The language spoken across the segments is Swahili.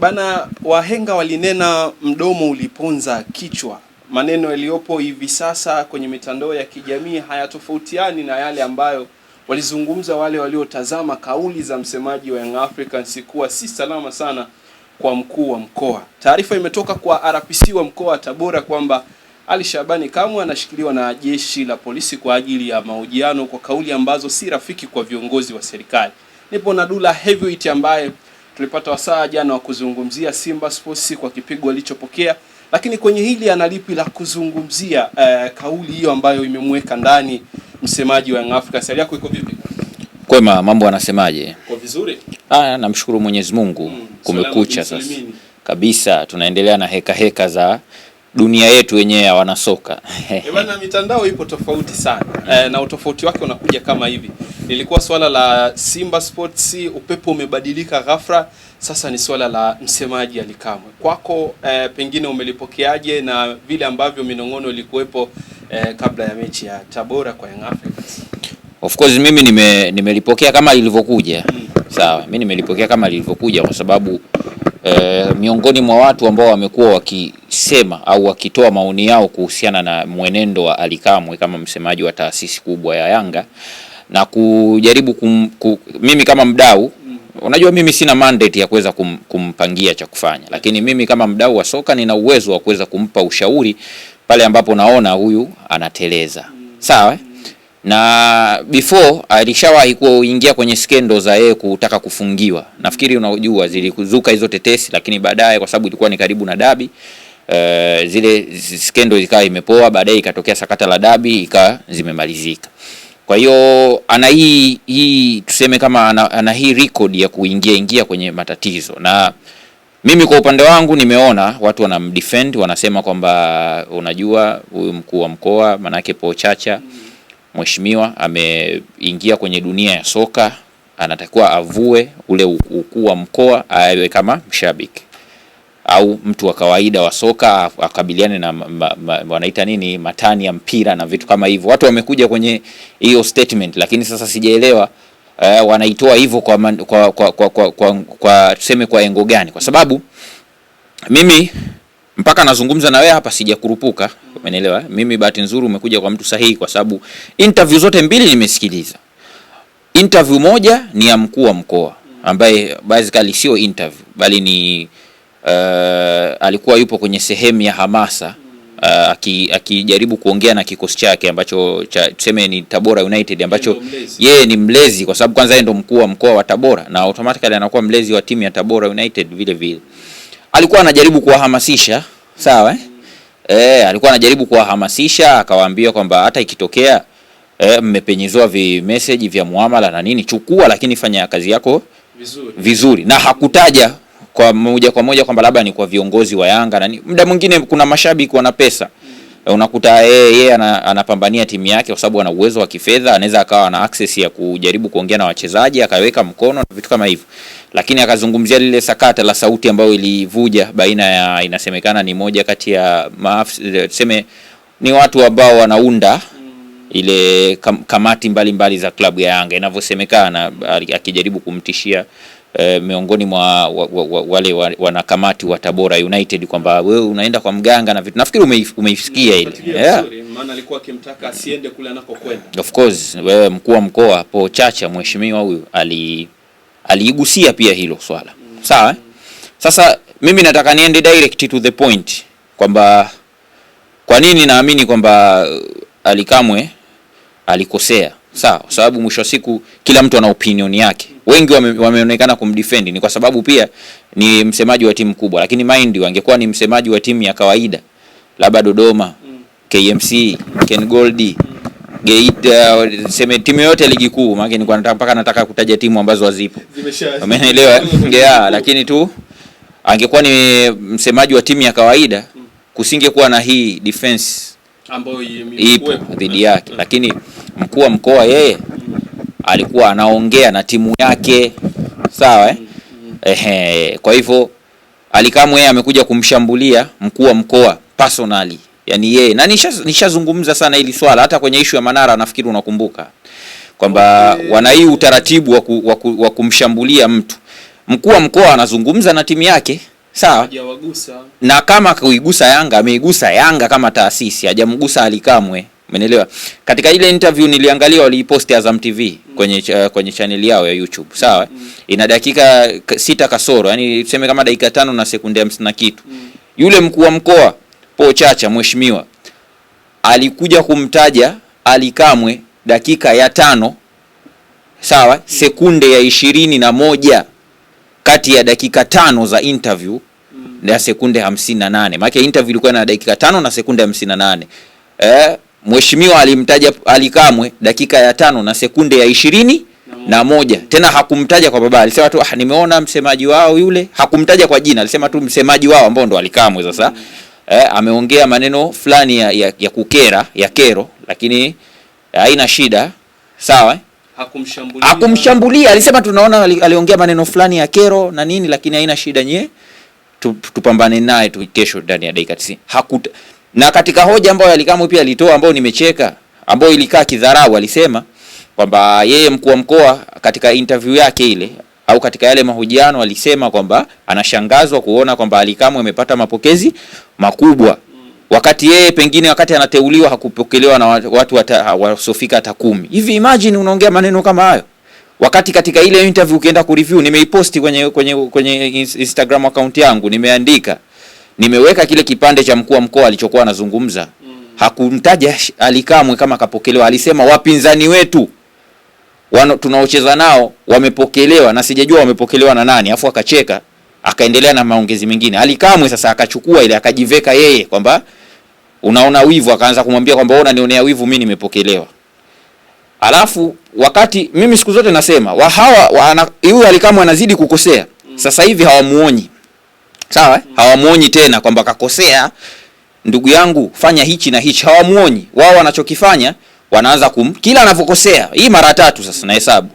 Bana, wahenga walinena mdomo uliponza kichwa. Maneno yaliyopo hivi sasa kwenye mitandao ya kijamii hayatofautiani na yale ambayo walizungumza wale waliotazama kauli za msemaji wa Young Africans kuwa si salama sana kwa mkuu wa mkoa. Taarifa imetoka kwa RPC wa mkoa wa Tabora kwamba Ali Shabani Kamwe anashikiliwa na jeshi la polisi kwa ajili ya mahojiano kwa kauli ambazo si rafiki kwa viongozi wa serikali. Nipo na Dula Heavyweight ambaye tulipata wasaa jana wa kuzungumzia Simba Sports kwa kipigo alichopokea, lakini kwenye hili analipi la kuzungumzia eh, kauli hiyo ambayo imemweka ndani msemaji wa Young Africans. Hali yako iko vipi? Kwema, mambo anasemaje? Kwa vizuri. Ah, namshukuru Mwenyezi Mungu. Hmm, kumekucha sasa kabisa, tunaendelea na heka heka za dunia yetu wenyewe ya wanasoka. Eh, Bwana, mitandao ipo tofauti sana e, na utofauti wake unakuja kama hivi. Lilikuwa swala la Simba Sports, upepo umebadilika ghafla, sasa ni swala la msemaji Ally Kamwe. Kwako e, pengine umelipokeaje na vile ambavyo minong'ono ilikuwepo e, kabla ya mechi ya Tabora kwa Young Africans? Of course mimi nime nimelipokea kama lilivyokuja. Hmm. Sawa, mimi nimelipokea kama lilivyokuja kwa sababu e, miongoni mwa watu ambao wamekuwa wakisema au wakitoa maoni yao kuhusiana na mwenendo wa Alikamwe kama msemaji wa taasisi kubwa ya Yanga na kujaribu kum, kum, mimi kama mdau hmm. Unajua, mimi sina mandate ya kuweza kum, kumpangia cha kufanya, lakini mimi kama mdau wa soka nina uwezo wa kuweza kumpa ushauri pale ambapo naona huyu anateleza. Hmm. Sawa, na before alishawahi kuingia kwenye skendo za yeye kutaka kufungiwa. Nafikiri unajua zilizuka hizo tetesi, lakini baadaye kwa sababu ilikuwa ni karibu na dabi uh, zile skendo ikawa imepoa, baadaye ikatokea sakata la dabi ikawa zimemalizika. Kwa hiyo ana hii hii tuseme kama ana, ana hii record ya kuingia ingia kwenye matatizo na mimi kwa upande wangu nimeona watu wanamdefend, wanasema kwamba unajua huyu mkuu wa mkoa manake Chacha mm mheshimiwa ameingia kwenye dunia ya soka, anatakiwa avue ule ukuu wa mkoa awe kama mshabiki au mtu wa kawaida wa soka akabiliane na ma, ma, wanaita nini matani ya mpira na vitu kama hivyo. Watu wamekuja kwenye hiyo statement, lakini sasa sijaelewa eh, wanaitoa hivyo kwa, kwa, kwa, kwa, kwa, kwa, kwa tuseme kwa engo gani? Kwa sababu mimi mpaka nazungumza na wewe hapa sijakurupuka, umeelewa eh? Mimi bahati nzuri umekuja kwa mtu sahihi, kwa sababu interview zote mbili nimesikiliza. Interview moja ni ya mkuu wa mkoa ambaye basically sio interview bali ni uh, alikuwa yupo kwenye sehemu ya hamasa uh, akijaribu aki kuongea na kikosi chake ambacho cha, tuseme ni Tabora United ambacho yeye ni mlezi, kwa sababu kwanza yeye ndo mkuu wa mkoa wa Tabora na automatically anakuwa mlezi wa timu ya Tabora United vile vile alikuwa anajaribu kuwahamasisha sawa eh? Eh, alikuwa anajaribu kuwahamasisha akawaambia kwamba hata ikitokea eh, mmepenyezewa vi message vya muamala na nini, chukua lakini fanya kazi yako vizuri, vizuri. Na hakutaja kwa moja kwa moja kwamba labda ni kwa viongozi wa Yanga na Muda mwingine kuna mashabiki wana pesa mm unakuta yeye ye, anapambania timu yake kwa sababu ana uwezo wa kifedha, anaweza akawa na access ya kujaribu kuongea na wachezaji akaweka mkono na vitu kama hivyo, lakini akazungumzia lile sakata la sauti ambayo ilivuja baina ya, inasemekana ni moja kati ya tuseme ni watu ambao wanaunda ile kam, kamati mbalimbali mbali za klabu ya Yanga inavyosemekana, akijaribu kumtishia e, miongoni mwa wa, wa, wa, wale wanakamati wa Tabora United kwamba wewe unaenda kwa mganga na vitu. Nafikiri umeif, umeisikia ile yeah. Maana alikuwa akimtaka asiende kule anakokwenda. Of course wewe mkuu wa mkoa Po Chacha mheshimiwa huyu ali aliigusia pia hilo swala mm. Sawa eh? Sasa mimi nataka niende direct to the point kwamba kwa nini naamini kwamba eh, Alikamwe alikosea sawa, kwa sababu mwisho wa siku kila mtu ana opinion yake. Wengi wame, wameonekana kumdefend ni kwa sababu pia ni msemaji wa timu kubwa, lakini mind angekuwa ni msemaji wa timu ya kawaida labda Dodoma KMC Ken Goldi Geita, sema timu yote ligi kuu, maana nilikuwa nataka mpaka nataka kutaja timu ambazo hazipo, umeelewa? Yeah, lakini tu angekuwa ni msemaji wa timu ya kawaida, kusingekuwa na hii defense ambayo ipo dhidi yake, lakini mkuu wa mkoa yeye alikuwa anaongea na timu yake sawa, eh? Ehe, kwa hivyo Alikamwe yeye amekuja kumshambulia mkuu wa mkoa personally, yani yeye na nishazungumza sana ili swala hata kwenye ishu ya Manara, nafikiri unakumbuka kwamba okay, wana hii utaratibu wa, ku, wa, ku, wa kumshambulia mtu. Mkuu wa mkoa anazungumza na timu yake sawa, na kama kuigusa Yanga ameigusa Yanga kama taasisi, hajamgusa Alikamwe. Umenielewa? Katika ile interview niliangalia waliiposti Azam TV kwenye uh, kwenye channel yao ya YouTube, sawa? Mm. Ina dakika sita kasoro, yani tuseme kama dakika tano na sekunde 50 na kitu. Mm. Yule mkuu wa mkoa Po Chacha mheshimiwa alikuja kumtaja alikamwe dakika ya tano sawa, sekunde ya ishirini na moja kati ya dakika tano za interview mm. na sekunde hamsini na nane maana interview ilikuwa na dakika tano na sekunde hamsini na nane eh mheshimiwa alimtaja Alikamwe dakika ya tano na sekunde ya ishirini na moja tena hakumtaja kwa baba, alisema tu ah, nimeona msemaji wao yule. Hakumtaja kwa jina, alisema tu msemaji wao ambao ndo Alikamwe. Sasa mm. eh, ameongea maneno fulani ya, ya, ya kukera ya kero, lakini haina shida, sawa. Hakumshambulia, hakumshambulia, alisema tunaona aliongea maneno fulani ya kero na nini, lakini haina shida, nyie tupambane naye tu kesho ndani ya dakika 90. Na katika hoja ambayo Alikamwe pia alitoa ambayo nimecheka ambayo ilikaa kidharau, alisema kwamba yeye mkuu wa mkoa katika interview yake ile au katika yale mahojiano alisema kwamba anashangazwa kuona kwamba Alikamwe amepata mapokezi makubwa, wakati yeye pengine wakati anateuliwa hakupokelewa na watu wasiofika hata kumi hivi. Imagine unaongea maneno kama hayo wakati katika ile interview ukienda kureview, nimeiposti kwenye kwenye kwenye Instagram account yangu, nimeandika nimeweka kile kipande cha mkuu wa mkoa alichokuwa anazungumza mm. hakumtaja Alikamwe kama kapokelewa, alisema wapinzani wetu tunaocheza nao wamepokelewa na sijajua wamepokelewa na nani, afu akacheka akaendelea na maongezi mengine. Alikamwe sasa akachukua ile akajiveka yeye kwamba unaona wivu, akaanza kumwambia kwamba wewe unanionea wivu, mimi nimepokelewa. Alafu wakati mimi siku zote nasema wa hawa huyu Alikamwe anazidi kukosea, mm. sasa hivi hawamuonyi sawa, eh? hawamuonyi tena kwamba kakosea ndugu yangu, fanya hichi na hichi, hawamuonyi wao. Wanachokifanya wanaanza kum kila anavyokosea, hii mara tatu sasa na hesabu,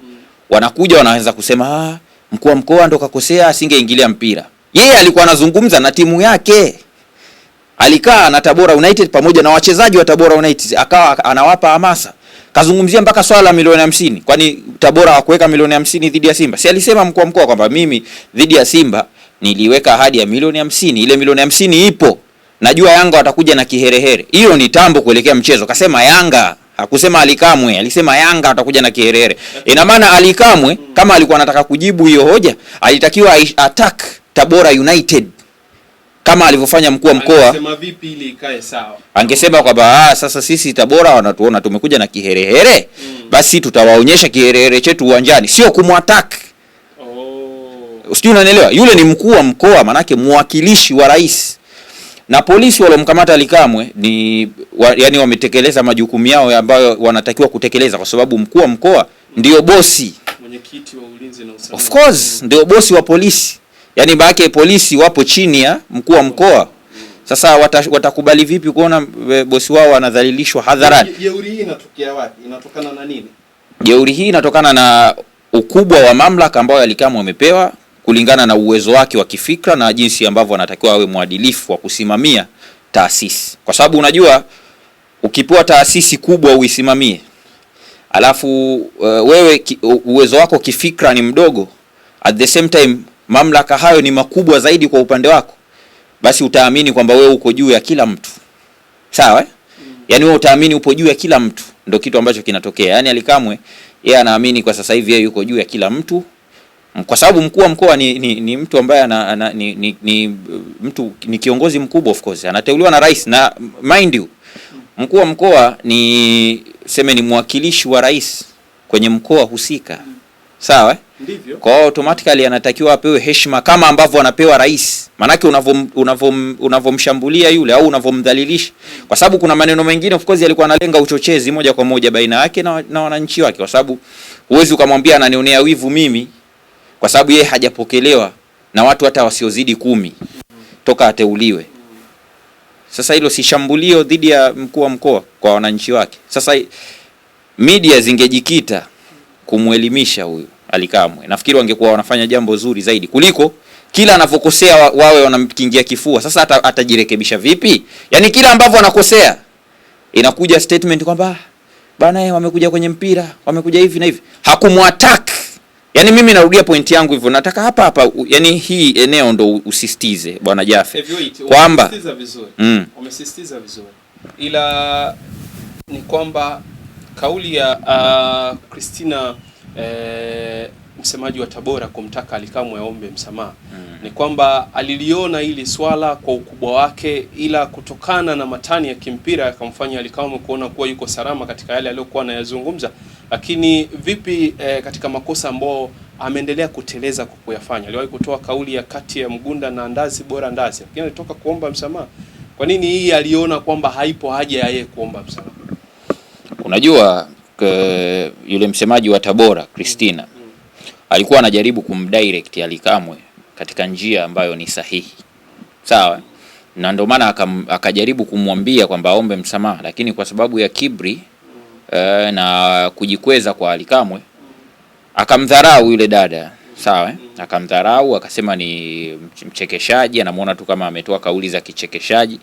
wanakuja wanaweza kusema ah, mkuu wa mkoa ndo kakosea, asingeingilia mpira. Yeye alikuwa anazungumza na timu yake, alikaa na Tabora United pamoja na wachezaji wa Tabora United, akawa anawapa hamasa kazungumzia mpaka swala la milioni hamsini. Kwani Tabora hakuweka milioni hamsini dhidi ya Simba? Si alisema mkuu wa mkoa kwamba mimi dhidi ya Simba niliweka ahadi ya milioni hamsini. Ile milioni hamsini ipo, najua Yanga watakuja na kiherehere. Hiyo ni tambo kuelekea mchezo, kasema Yanga hakusema Alikamwe, alisema Yanga atakuja na kiherehere. Ina maana Alikamwe kama alikuwa anataka kujibu hiyo hoja, alitakiwa attack Tabora United kama alivyofanya mkuu wa mkoa. Angesema kwamba ah, sasa sisi Tabora wanatuona tumekuja na kiherehere mm, basi tutawaonyesha kiherehere chetu uwanjani, sio kumwattack sijui unanielewa. Yule ni mkuu wa mkoa, manake mwakilishi wa rais, na polisi waliomkamata Alikamwe ni wa, yani wametekeleza majukumu yao ambayo wanatakiwa kutekeleza, kwa sababu mkuu wa mkoa ndio bosi, mwenyekiti wa ulinzi na usalama, of course ndio bosi wa polisi, yani baake polisi wapo chini ya mkuu wa mkoa. Sasa watakubali vipi kuona e, bosi wao anadhalilishwa hadharani? Jeuri hii inatokea wapi? Inatokana na nini? Jeuri hii inatokana na ukubwa wa mamlaka ambayo Alikamwe amepewa, kulingana na uwezo wake wa kifikra na jinsi ambavyo anatakiwa awe mwadilifu wa kusimamia taasisi, kwa sababu unajua ukipewa taasisi kubwa uisimamie, alafu uh, wewe ki, uwezo wako kifikra ni mdogo, at the same time mamlaka hayo ni makubwa zaidi kwa upande wako, basi utaamini kwamba wewe uko juu ya kila mtu, sawa eh? Yaani wewe utaamini upo juu ya kila mtu, ndio kitu ambacho kinatokea. Yani Alikamwe yeye anaamini kwa sasa hivi yeye yuko juu ya kila mtu. Mm, kwa sababu mkuu wa mkoa ni, ni, ni mtu ambaye ni, ni, ni, uh, mtu ni kiongozi mkubwa of course anateuliwa na rais, na mind you mkuu wa mkoa ni seme ni mwakilishi wa rais kwenye mkoa husika, sawa? Eh? Ndivyo. Kwa automatically anatakiwa apewe heshima kama ambavyo anapewa rais, maanake unavyomshambulia yule au unavyomdhalilisha, kwa sababu kuna maneno mengine of course yalikuwa analenga uchochezi moja kwa moja baina yake na, na wananchi wake, kwa sababu huwezi ukamwambia ananionea wivu mimi kwa sababu yeye hajapokelewa na watu hata wasiozidi kumi toka ateuliwe. Sasa hilo si shambulio dhidi ya mkuu wa mkoa kwa wananchi wake? Sasa media zingejikita kumwelimisha huyu Alikamwe, nafikiri wangekuwa wanafanya jambo zuri zaidi kuliko kila anavyokosea wawe wanamkingia kifua. Sasa ata, atajirekebisha vipi? Yaani kila ambavyo anakosea inakuja statement kwamba bana, eh, wamekuja kwenye mpira, wamekuja hivi na hivi, hakumwattack Yaani mimi narudia pointi yangu hivyo, nataka hapa hapa, yani hii eneo ndo usisitize bwana Jafe kwamba umesisitiza vizuri, mm. umesisitiza vizuri, ila ni kwamba kauli ya uh, Christina eh, msemaji wa Tabora kumtaka Alikamwe aombe msamaha mm. ni kwamba aliliona hili swala kwa ukubwa wake, ila kutokana na matani ya kimpira yakamfanya Alikamwe kuona kuwa yuko salama katika yale aliyokuwa anayazungumza. Lakini vipi eh, katika makosa ambayo ameendelea kuteleza kwa kuyafanya? Aliwahi kutoa kauli ya kati ya mgunda na ndazi bora ndazi, lakini alitoka kuomba msamaha. Kwa nini hii aliona kwamba haipo haja ya yeye kuomba msamaha? Unajua ke, yule msemaji wa Tabora Christina mm, hmm, alikuwa anajaribu kumdirect Alikamwe katika njia ambayo ni sahihi, sawa, na ndio maana akajaribu kumwambia kwamba aombe msamaha, lakini kwa sababu ya kibri e, na kujikweza kwa alikamwe akamdharau yule dada sawa, eh? akamdharau akasema ni mchekeshaji, anamuona tu kama ametoa kauli za kichekeshaji.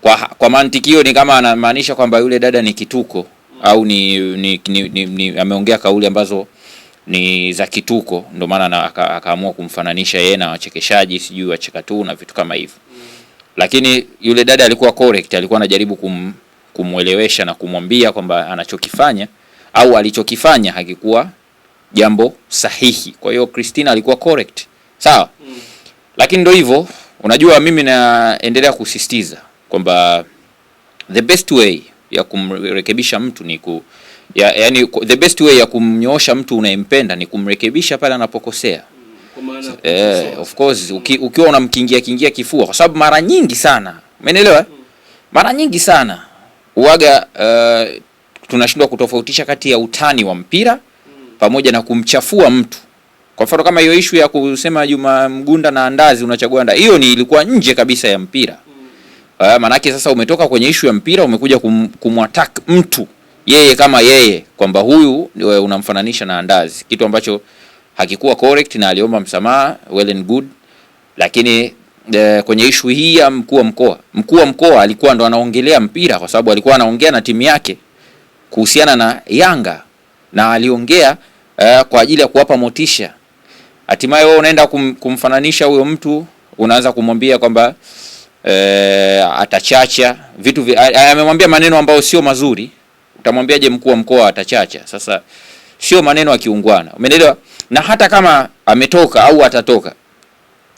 Kwa, kwa mantikio ni kama anamaanisha kwamba yule dada ni kituko au ni, ni, ni, ni, ni ameongea kauli ambazo ni za kituko, ndio maana akaamua kumfananisha yeye na wachekeshaji sijui tu na vitu kama hivyo, lakini yule dada alikuwa correct, alikuwa anajaribu kum kumwelewesha na kumwambia kwamba anachokifanya au alichokifanya hakikuwa jambo sahihi. Kwa hiyo Christina alikuwa correct, sawa mm. Lakini ndio hivyo, unajua mimi naendelea kusisitiza kwamba the best way ya kumrekebisha mtu ni ku ya, yani, the best way ya kumnyoosha mtu unayempenda ni kumrekebisha pale anapokosea. So, mm, eh, of course mm. uki, ukiwa unamkingia kingia kifua, kwa sababu mara nyingi sana, umeelewa? Mm. Mara nyingi sana huaga uh, eh, tunashindwa kutofautisha kati ya utani wa mpira pamoja na kumchafua mtu. Kwa mfano kama hiyo ishu ya kusema Juma Mgunda na Andazi unachagua nda, hiyo ni ilikuwa nje kabisa ya mpira. Uh, maanake sasa umetoka kwenye ishu ya mpira umekuja kum, kumwattack mtu yeye kama yeye kwamba huyu eh, unamfananisha na Andazi, kitu ambacho hakikuwa correct na aliomba msamaha well and good, lakini e, kwenye ishu hii ya mkuu wa mkoa. Mkuu wa mkoa alikuwa ndo anaongelea mpira, kwa sababu alikuwa anaongea na timu yake kuhusiana na Yanga na aliongea e, kwa ajili ya kuwapa motisha. Hatimaye wewe unaenda kum, kumfananisha huyo mtu, unaanza kumwambia kwamba e, atachacha vitu, amemwambia maneno ambayo sio mazuri. Utamwambiaje mkuu wa mkoa atachacha? Sasa sio maneno ya kiungwana, umeelewa? Na hata kama ametoka au atatoka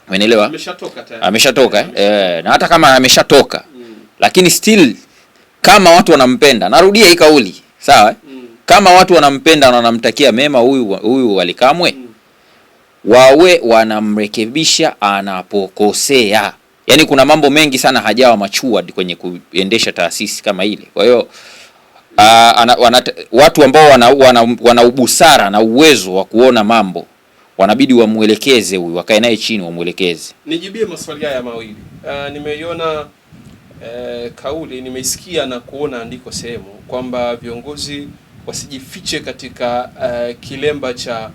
Umeelewa? Ameshatoka tayari. Ameshatoka eh? Eh. eh, na hata kama ameshatoka mm. lakini still kama watu wanampenda, narudia hii kauli, sawa mm. kama watu wanampenda na wanamtakia mema huyu huyu Ally Kamwe mm. wawe wanamrekebisha anapokosea. Yaani kuna mambo mengi sana hajawa matured kwenye kuendesha taasisi kama ile, kwa hiyo ah, watu ambao wana, wana, wana ubusara na uwezo wa kuona mambo wanabidi wamwelekeze huyu, wakae naye chini wamwelekeze. Nijibie maswali haya mawili. Uh, nimeiona uh, kauli nimeisikia na kuona andiko sehemu kwamba viongozi wasijifiche katika uh, kilemba cha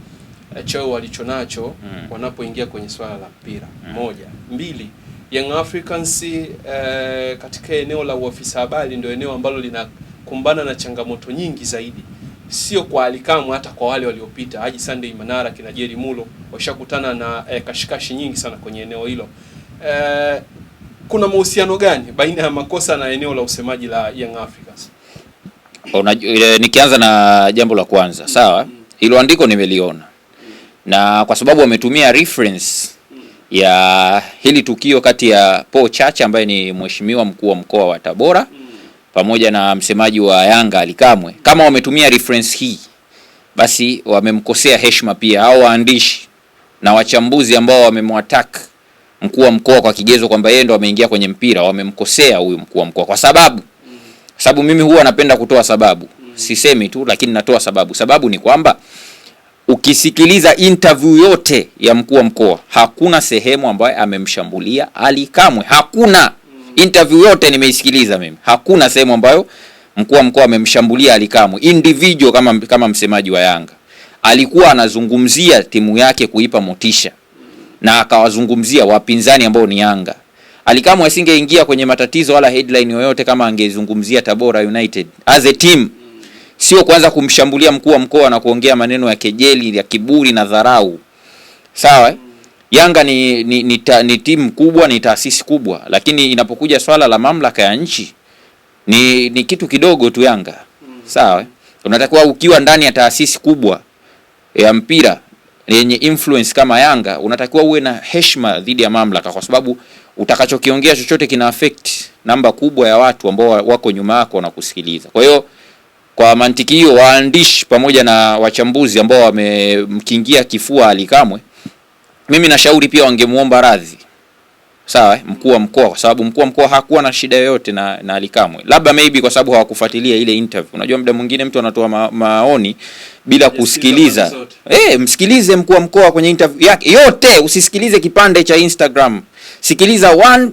eh, chao walicho walichonacho mm. wanapoingia kwenye swala la mpira mm. moja, mbili Young Africans uh, katika eneo la uafisa habari ndio eneo ambalo linakumbana na changamoto nyingi zaidi sio kwa alikamu hata kwa wale waliopita. Haji Sunday Manara, kina Jerry Mulo washakutana na eh, kashikashi nyingi sana kwenye eneo hilo eh, kuna mahusiano gani baina ya makosa na eneo la usemaji la Young Africans? Unajua, nikianza na jambo la kwanza Sawa, mm. hilo andiko nimeliona mm. na kwa sababu wametumia reference ya hili tukio kati ya Paul Chacha ambaye ni mheshimiwa mkuu wa mkoa wa Tabora mm pamoja na msemaji wa Yanga Alikamwe, kama wametumia reference hii, basi wamemkosea heshima pia au waandishi na wachambuzi ambao wamemwatak mkuu wa mkoa kwa kigezo kwamba yeye ndo ameingia kwenye mpira, wamemkosea huyu mkuu wa mkoa kwa sababu sababu, mimi huwa napenda kutoa sababu, sisemi tu, lakini natoa sababu. Sababu ni kwamba ukisikiliza interview yote ya mkuu wa mkoa hakuna sehemu ambayo amemshambulia Alikamwe, hakuna Interview yote nimeisikiliza mimi, hakuna sehemu ambayo mkuu wa mkoa amemshambulia alikamwe individual. Kama, kama msemaji wa Yanga alikuwa anazungumzia timu yake kuipa motisha na akawazungumzia wapinzani ambao ni Yanga. alikamwe asingeingia kwenye matatizo wala headline yoyote kama angezungumzia Tabora United as a team, sio kuanza kumshambulia mkuu wa mkoa na kuongea maneno ya kejeli ya kiburi na dharau. Sawa eh? Yanga ni, ni, ni, ta, ni timu kubwa, ni taasisi kubwa, lakini inapokuja swala la mamlaka ya nchi ni, ni kitu kidogo tu Yanga mm. Sawa, unatakiwa ukiwa ndani ya taasisi kubwa ya mpira yenye influence kama Yanga unatakiwa uwe na heshima dhidi ya mamlaka, kwa sababu utakachokiongea chochote kina affect namba kubwa ya watu ambao wako nyuma yako wanakusikiliza. Kwa hiyo kwa mantiki hiyo, waandishi pamoja na wachambuzi ambao wamemkingia kifua Ally Kamwe mimi nashauri pia wangemuomba radhi sawa, eh? mkuu wa mkoa, kwa sababu mkuu wa mkoa hakuwa na shida yoyote na, na Alikamwe, labda maybe kwa sababu hawakufuatilia ile interview. Unajua muda mwingine mtu anatoa ma, maoni bila kusikiliza. Eh, msikilize mkuu wa mkoa kwenye interview yake yote, usisikilize kipande cha Instagram, sikiliza 1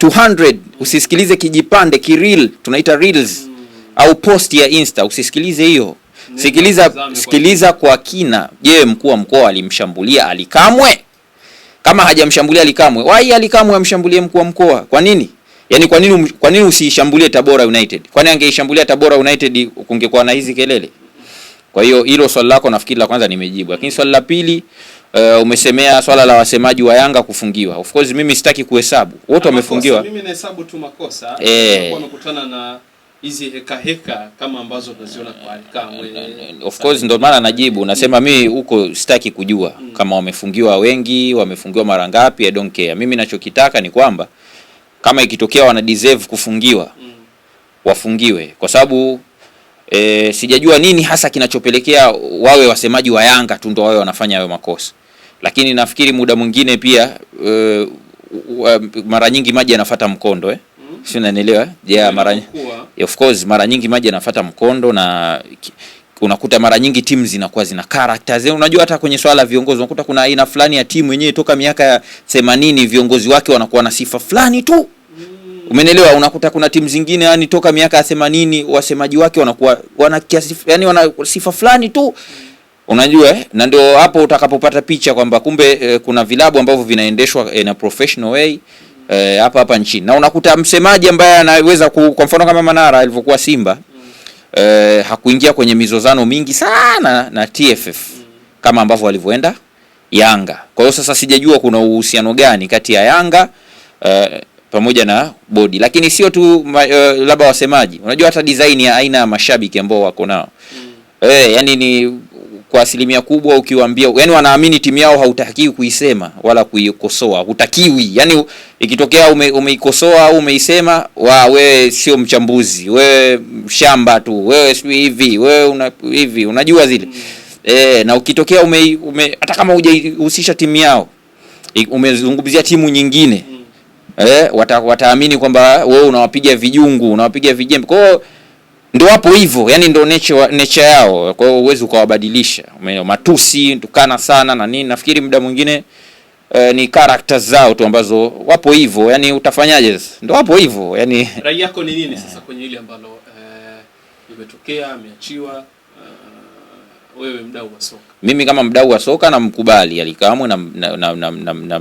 200 usisikilize kijipande kireel, tunaita reels mm, au post ya Insta, usisikilize hiyo. Sikiliza, sikiliza kwa kina. Je, mkuu wa mkoa alimshambulia Alikamwe? kama hajamshambulia Alikamwe, wai Alikamwe amshambulie mkuu wa mkoa. Kwa nini? Yaani kwa nini um, kwa nini usiishambulie Tabora United? Kwani angeishambulia Tabora United kungekuwa na hizi kelele? Kwa hiyo hilo swali lako nafikiri la kwanza nimejibu. Lakini swali la pili uh, umesemea swala la wasemaji wa Yanga kufungiwa. Of course mimi sitaki kuhesabu. Wote wamefungiwa. Mimi nahesabu tu makosa. Eh. Wamekutana na hizi heka heka kama ambazo unaziona kwa Alikamwe. Eh, eh, of course ndio maana najibu nasema mi huko sitaki kujua mm. kama wamefungiwa wengi, wamefungiwa mara ngapi, I don't care. Mimi nachokitaka ni kwamba kama ikitokea wana deserve kufungiwa mm. wafungiwe, kwa sababu e, sijajua nini hasa kinachopelekea wawe wasemaji wa Yanga tu ndio wawe wanafanya hayo makosa, lakini nafikiri muda mwingine pia e, mara nyingi maji yanafuata mkondo eh si unanielewa? Yeah, mara of course, mara nyingi maji yanafuata mkondo na unakuta mara nyingi timu zinakuwa zina characters. Unajua hata kwenye swala la viongozi unakuta kuna aina fulani ya timu yenyewe toka miaka ya 80 viongozi wake wanakuwa na sifa fulani tu. Mm. umenelewa Unakuta kuna timu zingine yani toka miaka ya 80 wasemaji wake wanakuwa wana kiasi yani wana sifa fulani tu. Unajua eh? Na ndio hapo utakapopata picha kwamba kumbe eh, kuna vilabu ambavyo vinaendeshwa in a professional way. mm. Eh, hapa e, hapa nchini na unakuta msemaji ambaye anaweza kwa mfano kama Manara alivyokuwa Simba mm. e, hakuingia kwenye mizozano mingi sana na TFF mm. kama ambavyo alivyoenda Yanga. Kwa hiyo sasa sijajua kuna uhusiano gani kati ya Yanga e, pamoja na bodi, lakini sio tu e, labda wasemaji, unajua hata design ya aina ya mashabiki ambao wako nao mm. e, yani ni kwa asilimia kubwa ukiwaambia, yani wanaamini timu yao hautakiwi kuisema wala kuikosoa, hutakiwi. Yani ikitokea ume, umeikosoa au umeisema, wa wewe sio mchambuzi, wewe shamba tu, wewe sio hivi, wewe una hivi, unajua zile mm. E, na ukitokea ume, ume hata kama hujahusisha timu yao umezungumzia timu nyingine mm. E, wata, wataamini kwamba wewe unawapiga vijungu, unawapiga vijembe kwao ndio wapo hivyo, yani ndio nature, nature yao. Kwa hiyo huwezi ukawabadilisha. Matusi, tukana sana na nini, nafikiri muda mwingine e, ni character zao tu ambazo wapo hivyo, yani utafanyaje sasa? Ndio wapo hivyo, yani rai yako ni nini sasa kwenye hili ambalo eh, limetokea, ameachiwa eh, wewe mdau wa soka? Mimi kama mdau wa soka namkubali Ally Kamwe na, na, na, na, na, na,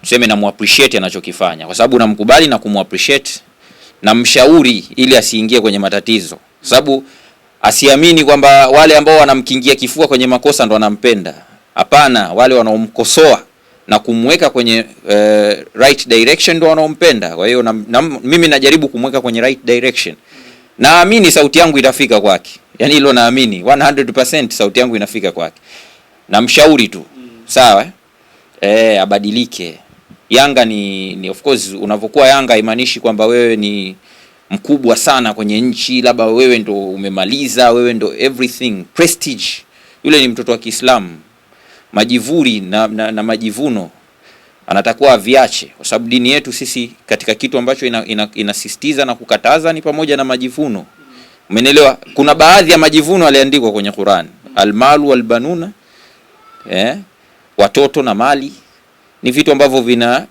tuseme namuappreciate anachokifanya kwa sababu namkubali na kumuappreciate na mshauri ili asiingie kwenye matatizo, sababu asiamini kwamba wale ambao wanamkingia kifua kwenye makosa ndo wanampenda. Hapana, wale wanaomkosoa na kumweka kwenye uh, right direction ndo wanaompenda. Kwa hiyo na, na, mimi najaribu kumweka kwenye right direction. Naamini sauti yangu itafika kwake, yani hilo naamini 100% sauti yangu inafika kwake, namshauri tu mm. Sawa eh, abadilike. Yanga ni, ni of course unavyokuwa Yanga haimaanishi kwamba wewe ni mkubwa sana kwenye nchi, labda wewe ndo umemaliza, wewe ndo everything prestige. Yule ni mtoto wa Kiislamu, majivuri na, na, na majivuno anatakuwa aviache, kwa sababu dini yetu sisi katika kitu ambacho ina, ina, inasisitiza na kukataza ni pamoja na majivuno. Umeelewa? Kuna baadhi ya majivuno aliandikwa kwenye Qur'an, almalu walbanuna, eh, watoto na mali ni vitu ambavyo vina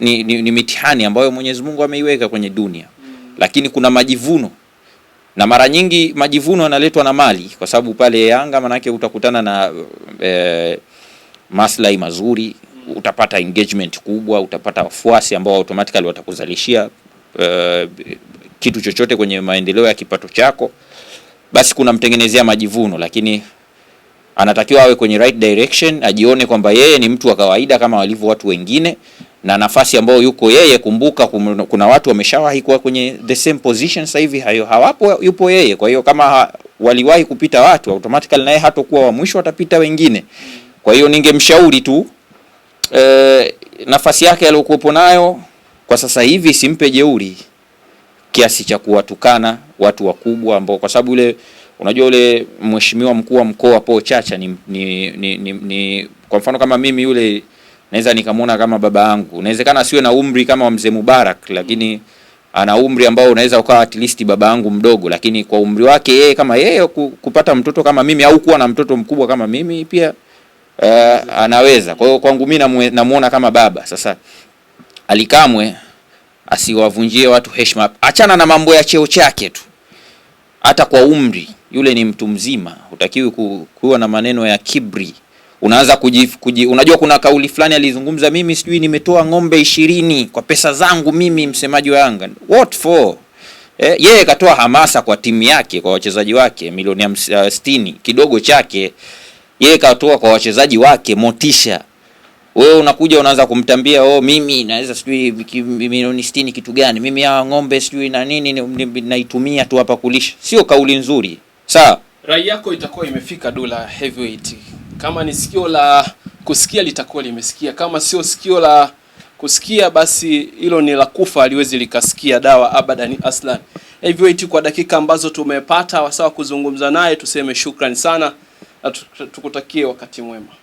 ni, ni, ni mitihani ambayo Mwenyezi Mungu ameiweka kwenye dunia mm. Lakini kuna majivuno na mara nyingi majivuno yanaletwa na mali, kwa sababu pale Yanga manake utakutana na e, maslahi mazuri mm. Utapata engagement kubwa, utapata wafuasi ambao automatically watakuzalishia e, kitu chochote kwenye maendeleo ya kipato chako, basi kuna mtengenezea majivuno lakini anatakiwa awe kwenye right direction, ajione kwamba yeye ni mtu wa kawaida kama walivyo watu wengine, na nafasi ambayo yuko yeye, kumbuka kuna watu wameshawahi kuwa kwenye the same position, sasa hivi hayo hawapo, yupo yeye. Kwa hiyo kama waliwahi kupita watu, automatically naye hatakuwa wa mwisho, atapita wengine. Kwa hiyo ningemshauri tu e, nafasi yake aliyokuwepo nayo kwa sasa hivi simpe jeuri kiasi cha kuwatukana watu wakubwa ambao kwa sababu yule Unajua ule mheshimiwa mkuu wa mkoa Po Chacha ni, ni, ni, ni, ni kwa mfano kama mimi yule naweza nikamwona kama baba yangu. Inawezekana asiwe na umri kama wa mzee Mubarak, lakini ana umri ambao unaweza ukawa at least baba yangu mdogo, lakini kwa umri wake yeye kama yeye kupata mtoto kama mimi au kuwa na mtoto mkubwa kama mimi pia uh, anaweza. Kwa hiyo kwangu mimi namuona kama baba. Sasa Alikamwe asiwavunjie watu heshima, achana na mambo ya cheo chake tu hata kwa umri, yule ni mtu mzima, hutakiwi ku, kuwa na maneno ya kibri. Unaanza unajua kuna kauli fulani alizungumza, mimi sijui nimetoa ng'ombe ishirini kwa pesa zangu mimi, msemaji wa Yanga, what for eh? Yeye katoa hamasa kwa timu yake, kwa wachezaji wake milioni 60, uh, kidogo chake yeye katoa kwa wachezaji wake motisha wewe unakuja unaanza kumtambia oh, mimi naweza sijui milioni 60 kitu gani, mimi hawa ng'ombe sijui na nini naitumia tu hapa kulisha. Sio kauli nzuri, sawa. Rai yako itakuwa imefika Dula Heavyweight. Kama ni sikio la kusikia litakuwa limesikia, kama sio sikio la kusikia basi hilo ni la kufa, aliwezi likasikia dawa abadani aslan. Heavyweight, kwa dakika ambazo tumepata wasawa kuzungumza naye, tuseme shukrani sana na tukutakie wakati mwema.